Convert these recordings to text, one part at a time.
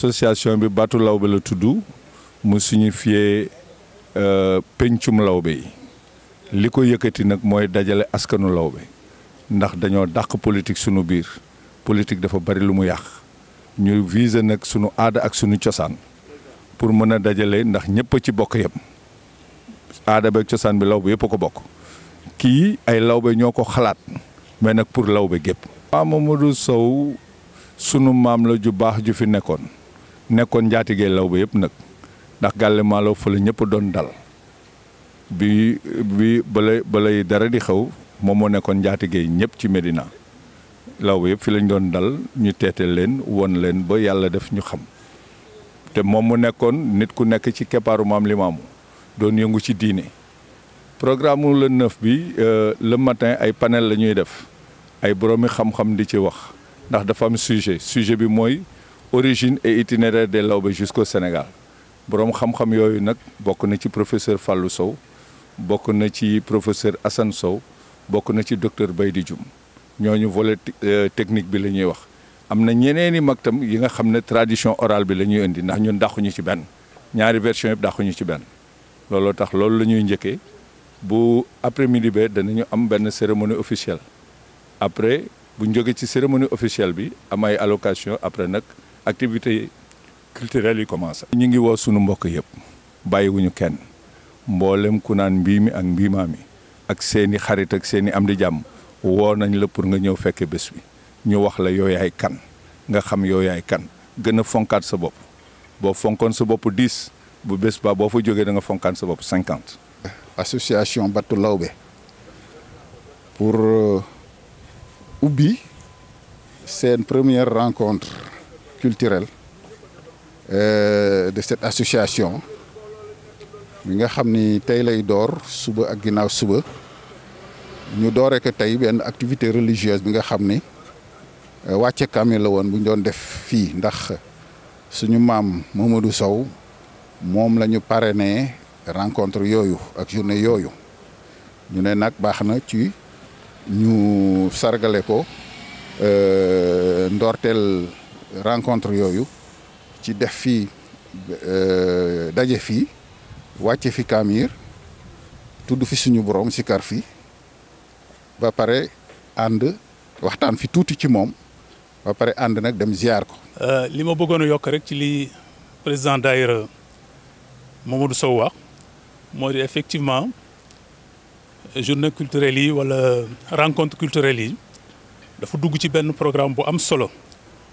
association bi Baatu Lawbe la tudd mu signifié euh, pencum lawbe be. Liko ko moy nag dajale askanu lawbe ndax dañoo dàq politique sunu politik politique dafa bari lu mu yàq ñu viser nag sunu aada ak sunu cosaan pour mën dajale ndax ñëpp ci bokk yem aada beeg cosaan bi lawbe yëpp ko bokk kii ay lawbe ñoo ko xalaat mais nag pour lawbe gépp. Mamadou Sow sunu mam la ju baax ju fi nekkoon njaatige law ba yëpp nag ndax gàlle maalo fa la ñëpp doon dal bi bi balay dara di xew moom moo nekkoon njaatige ñëpp ci Medina law ba fi lañ doon dal ñu teete leen won leen ba yàlla def ñu xam te moom mu nekkoon nit ku nekk ci keppaaru maam limaamu doon yëngu ci diine programme le neuf bi euh, le matin ay panel la ñuy def ay boroomi xam-xam di ci wax ndax dafa am sujet sujet bi mooy origine et itinéraire des Laobé jusqu'au Sénégal Borom xam-xam yoyu nak bokk na ci professeur Fallou Sow bokk na ci professeur Assane Sow bokk na ci docteur Baydi Dioum ñooñu volet euh, technique bi lañuy wax Amna ñeneeni ñeneen mag tam yi nga xamne tradition orale bi lañuy indi ndax ñun dàquñu ci ben. ñaari version yëpp dàquñu ci ben. looloo tax loolu lañuy ñëkke. bu après midi ba dañu am ben cérémonie officielle après bu ñu ci cérémonie officielle bi am ay allocation après nak activités culturelles yi commencé. ñu ngi woo sunu mbokk yëpp bàyyiwuñu kenn mboolem ku naan mbii mi ak mbiimaa mi ak seeni xarit ak seeni am di jàmm woo nañ la pour nga ñëw fekke bés bi ñu wax la yow yaay kan nga xam yow yaay kan gën a fonkaat sa bopp boo fonkoon sa bopp dix bu bés ba boo fa jógee da nga fonkaat sa bopp cinquante. association Battu Lawbe pour euh, ubbi seen première rencontre. culturelle euh, de cette association mi nga xam ni tey lay door suba ak ginnaaw suba ñu doore ko tey benn activité religieuse bi nga xam ni euh, wàcce kaamil la woon bu ñu doon def fii ndax suñu maam Mamadou Sow moom la ñu rencontre yooyu ak journée yooyu ñu ne nag baax ci ñu sargale ko euh, ndoorteel rencontre yoyu ci def euh dajé fi wàcce fi camir tuddu fi suñu borom kar fi ba pare and waxtan fi tuuti ci mom ba pare and nak dem ziar ko. Euh, li ma bëggono yok rek ci li président daayira Mamadou Sow wax moo effectivement journée culturelle yi wala rencontre culturelle yi dafa dugg ci ben programme bu am solo.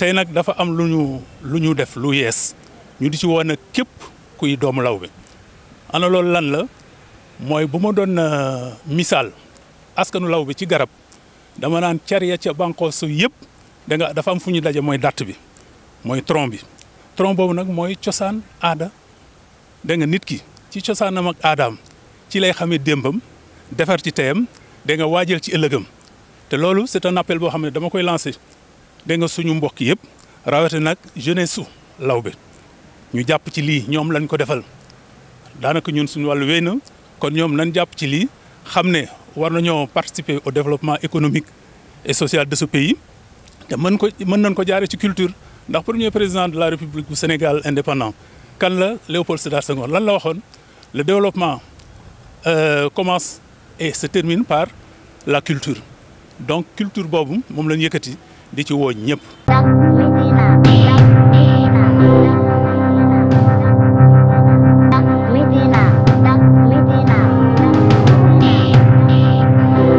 tey nak dafa am luniu ñu def lu yees ñu di ci woo nag képp kuy doomu law bi ana loolu lan la mooy bu ma doon euh, misaal askanu law bi ci garab dama naan car ya ca bànqoosu da nga dafa am fu ñu moy mooy dàtt bi mooy tronc bi tronc boobu nag mooy cosaan aada da nga nit ki ci cosaanam ak aadaam ci lay xamee démbam defar ci teyam da nga waajal ci ëllëgam te loolu c'est un appel dama koy lancer nous suñu mbokk yëpp jeunesse Lawbe ñu ko kon participer au développement économique et social de ce pays Nous ko mën ko culture premier président de la République du Sénégal indépendant kan Léopold Sédar Senghor la le développement euh, commence et se termine par la culture donc culture lañ di ci woo ñëpp.